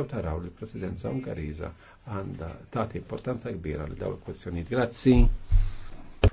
Għaw taraw li presidenza Ungariża għanda tagħti importanza kbira li daw il-kwestjonijiet. Grazzi.